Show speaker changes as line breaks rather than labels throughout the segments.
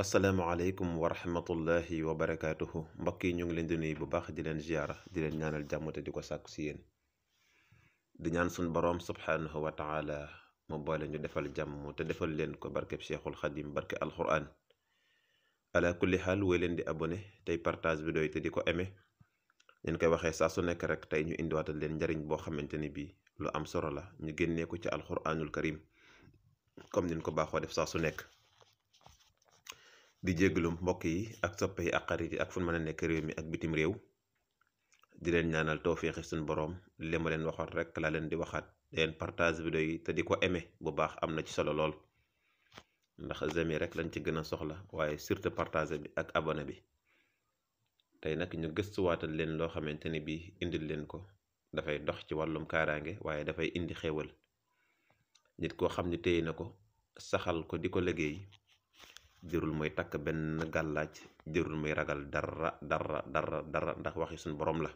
asalaamaaleykum wa rahmatullahi wa barakaatuhu mbokk yi ñu ngi leen di nuyu bu baax di leen ziyaara di leen ñaanal jàmm te di ko sàkku si yéen di ñaan suñu boroom subhaanahu wa taala mu boole ñu defal jàmm te defal leen ko barkeb Cheikhul Xadim barke alquran ala kulli xaal woy leen di abonné tey partage bi doy te di ko aimé leen koy waxee saa su nekk rek tey ñu indiwaatal leen njariñ boo xamante ni bii lu am solo la ñu génnee ko ci alquranul karim comme niñ ko baaxoo def saa su nekk di jégalu mbokk yi ak soppe yi ak xarit yi ak fu mën nekk réew mi ak bitim réew di leen ñaanal too tawféexi suñu borom li ma leen waxoon rek laa leen di waxaat di leen partage bi yi te di ko aimé bu baax am na ci solo lool ndax j'aime rek lañ ci gën a soxla waaye surtout partage bi ak abonné bi tey nak ñu gëstuwaatal leen loo xamante ni bii indil leen ko dafay dox ci wàllum kaaraange waaye dafay indi xéewal nit koo xam ne téye na ko saxal ko di ko liggéey jërul muy takk benn gàllaaj jërul muy ragal dara dara dara dara ndax waxi suñ borom la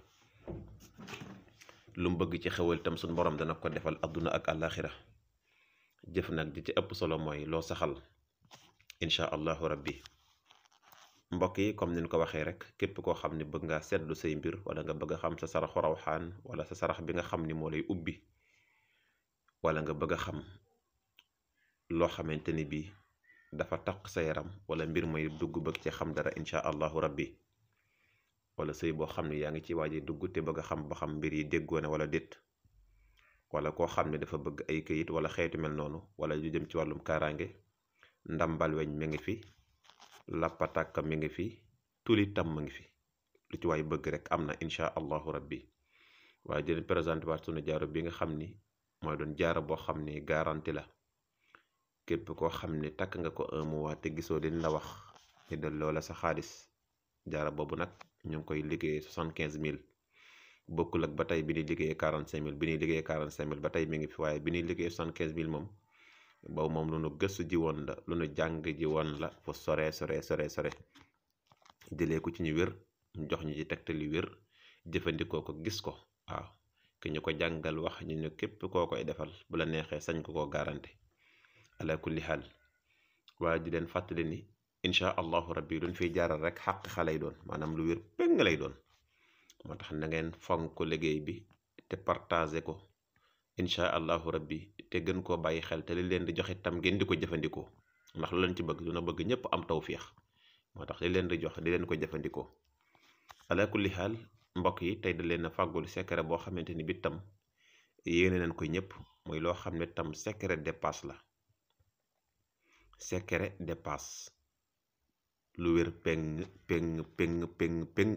lu mu bëgg ci xewal itam suñ borom dana ko defal adduna ak àllaaxira jëf nag di ci ëpp solo mooy loo saxal incha allahu rabbi mbokk yi comme nu ko waxee rek képp koo xam ne bëgg ngaa seddu say mbir wala nga bëgg xam sa saraxu rawxaan wala sa sarax bi nga xam ni moo lay ubbi walla nga bëgg a xam loo xamante ni bii dafa taq sa yaram wala mbir mooy dugg bëgg ci xam dara incha allahu rabbi wala sëy boo xam ne yaa ngi ci waaje dugg te bëgg xam ba xam mbir yi déggoo ne wala déet wala koo xam ne dafa bëgg ay këyit wala xeetu mel noonu wala lu jëm ci wàllum kaaraange ndambal weñ mi ngi fi lappatàkka mi ngi fi tuli tam mu ngi fi lu ci waay bëgg rek am na incha allahu rabbi waaye dinañ présenté waat sunu jaaro bi nga xam ni mooy doon jaaro boo xam ni garanti la képp koo xam ne takk nga ko un mois te gisoo leen la wax ñu delloo la sa xaalis jaara boobu nag ñu ngi koy liggéeyee soixante quinze mille bokkul ak ba tey bi ñuy liggéeyee quarante cinq mille bi ñuy liggéeyee quarante cinq ba tey mi ngi fi waaye bi ñuy liggéeyee soixante quinze mille moom boobu moom lu nu gëstu ji woon la lu nu jàng ji woon la fu sore sore sore sore jëlee ko ci ñu wér jox ñu ci tegtal yu wér jëfandikoo ko gis ko waaw ki ñu ko jàngal wax ñu ne képp koo koy defal bu la neexee sañ ko koo garanti ala kulli xaal waaye di leen fàttali ni incha allahu rabbi luñ fiy jaaral rek xàq xaley doon maanaam lu wér péng lay doon moo tax na ngeen ko liggéey bi te partagé ko incha allahu rabbi te gën koo bàyyi xel te li leen di joxe tam ngeen di ko jëfandikoo ndax lu leen ci bëgg dina bëgg ñëpp am tawféex moo tax li leen di jox di leen ko jëfandikoo ala kulli xaal mbokk yi tey da leen a fàggul boo xamante ni bi tam yéene nañ ko ñëpp mooy loo xam ne tam secret dépasse la secret dépasse lu wér peng peng peng peng peng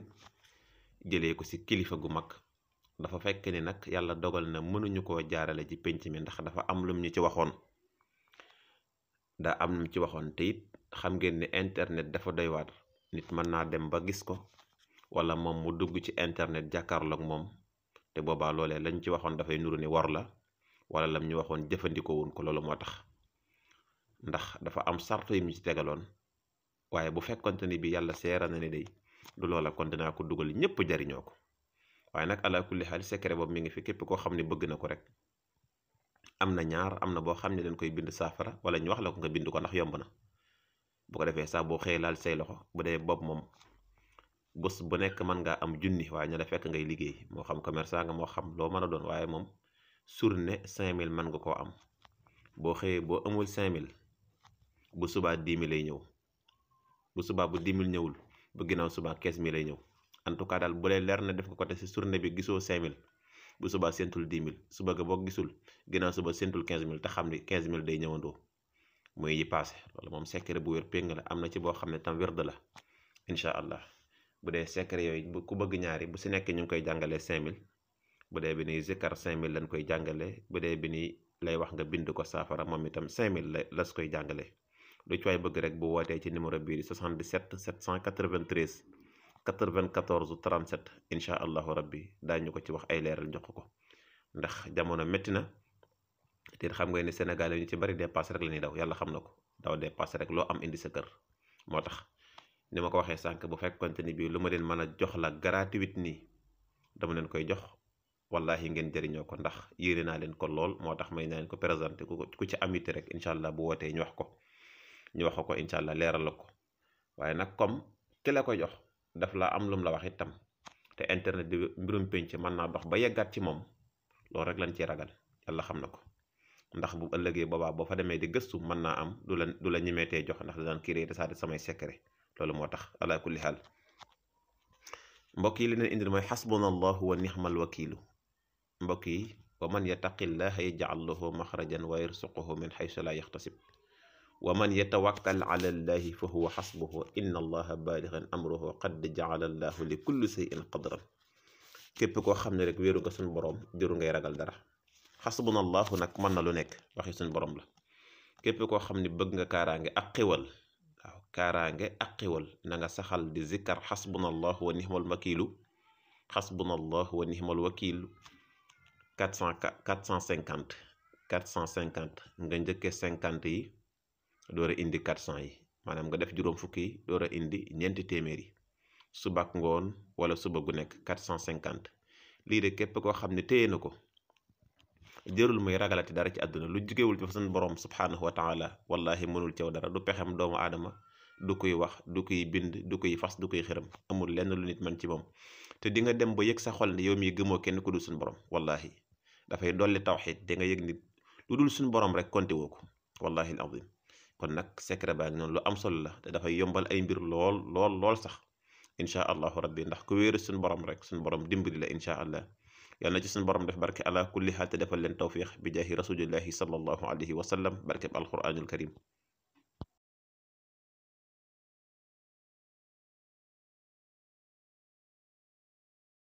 jëlee ko ci kilifa gu mag dafa fekk ni nag yàlla dogal na mënuñu ko jaarale ci pénc mi ndax dafa am lum ñu ci waxoon daa am lum ci waxoon te xam ngeen ni internet dafa doy waar nit mën naa dem ba gis ko wala moom mu dugg ci internet jàkkaarloog moom te boobaa loolee lañ ci waxoon dafay nuru ni war la wala lam ñu waxoon jëfandikoo woon ko loolu moo tax ndax dafa am sartu yi mu ci tegaloon waaye bu fekkonte ni bi yàlla seera na ne day du loola kon dinaa ko dugal ñëpp jariñoo ko waaye nag ala kulli xaal secret boobu mi ngi fi képp koo xam ne bëgg na ko rek am na ñaar am na boo xam ne dañ koy bind saafara wala ñu wax la ko nga bind ko ndax yomb na bu ko defee sax boo xëyee laal say loxo bu dee bopp moom bés bu nekk mën ngaa am junni waaye ña la fekk ngay liggéey moo xam commerçant nga moo xam loo mën a doon waaye moom surne mille mën nga koo am boo xëyee boo amul mille bu subaa dix mille lay ñëw bu subaa bu dix mille ñëwul bu ginnaaw subaa quinze mille lay ñëw en tout cas daal bu lay leer na def ko te si journée bi gisoo cinq mille bu subaa séntul dix mille suba ga boo gisul ginnaaw suba séntul quinze mille te xam ni quinze mille day ñëwandoo mooy yi paase moom secret bu wér péng la am na ci boo xam ne tam wérd la incha allah bu dee secret yooyu bu ku bëgg ñaari bu si nekk ñu ngi koy jàngalee cinq mille bu dee bi ni zikkar cinq mille lañ koy jàngale bu dee bi ni lay wax nga bind ko saafara moom itam cinq mille la las koy jàngalee. lu ci waay bëgg rek bu wootee ci numéro bii di 77 793 94 37 incha allahu rabbi daañu ko ci wax ay leeral jox ko ndax jamono métti na te xam nga ne Sénégal yi ñu ci bari dépasse rek la ñuy daw yàlla xam na ko daw dépasse rek loo am indi sa kër moo tax ni ma ko waxee sànq bu fekkonte ni bii lu ma leen mën a jox la gratuite nii dama leen koy jox wallahi ngeen jëriñoo ko ndax yéene naa leen ko lool moo tax may naa leen ko présenté ku ci am rek incha allah bu wootee ñu wax ko ñu wax ko incha allah leeral la ko waaye nag comme ki la ko jox daf la am lum la wax itam te internet bi mbirum pénc mën naa dox ba yeggaat ci moom loolu rek lañ ci ragal yàlla xam na ko ndax bu ëllëgee boobaa boo fa demee di gëstu mën naa am du la du la ñemeetee jox ndax daan créé de saa samay secret loolu moo tax ala kulli xaal mbokk yi li leen indil mooy xasbuna allahu wa nixmal wakiilu mbokk yi wa man yattaqillaha yajcal lahu maxrajan wa yarsuquhu min xaysu laa yaxtasib wa man yatawakkal ala llahi fa huwa xasbuhu inna allaha baalixan amruhu qad jaala allahu li kulli shay'in qadran képp koo xam ne rek wéeru nga suñu borom jëru ngay ragal dara xasbuna allahu nag mën na lu nekk waxi suñu borom la képp koo xam ne bëgg nga kaaraange ak xiwal waaw kaaraange ak xiwal na nga saxal di zikkar xasbuna allahu wa nihmal wakiilu xasbuna allahu wa nihmal wakiilu 400 450 450 nga njëkkee 50 yi door indi indi 400 yi maanaam nga def juróom fukki yi door indi ñeenti téeméer yi suba ak ngoon wala suba gu nekk cent cinquante lii de képp koo xam ne téye na ko jërul muy ragalati dara ci àdduna lu jugewul ci fa seen borom subhaanahu wa taala wallahi mënul cew dara du pexem doomu aadama du koy wax du koy bind du koy fas du koy xëram amul lenn lu nit man ci moom te di nga dem ba yëg sa xol ne yow mii gëmoo kenn ku dul suñu borom wallahi dafay dolli tawxid di nga yëg nit lu dul suñu borom rek woo ko wallahi kon nag secret baa ngi noonu lu am solo la te dafay yombal ay mbir lool lool lool sax incha allahu rabbi ndax ku wéeru suñu borom rek suñu borom dimbali la incha allah yal na ci suñu borom def barke ala kulli xaal te defal leen tawfiix bi jaahi rasulillahi sallallahu alayhi wa sallam barkeb alquranul karim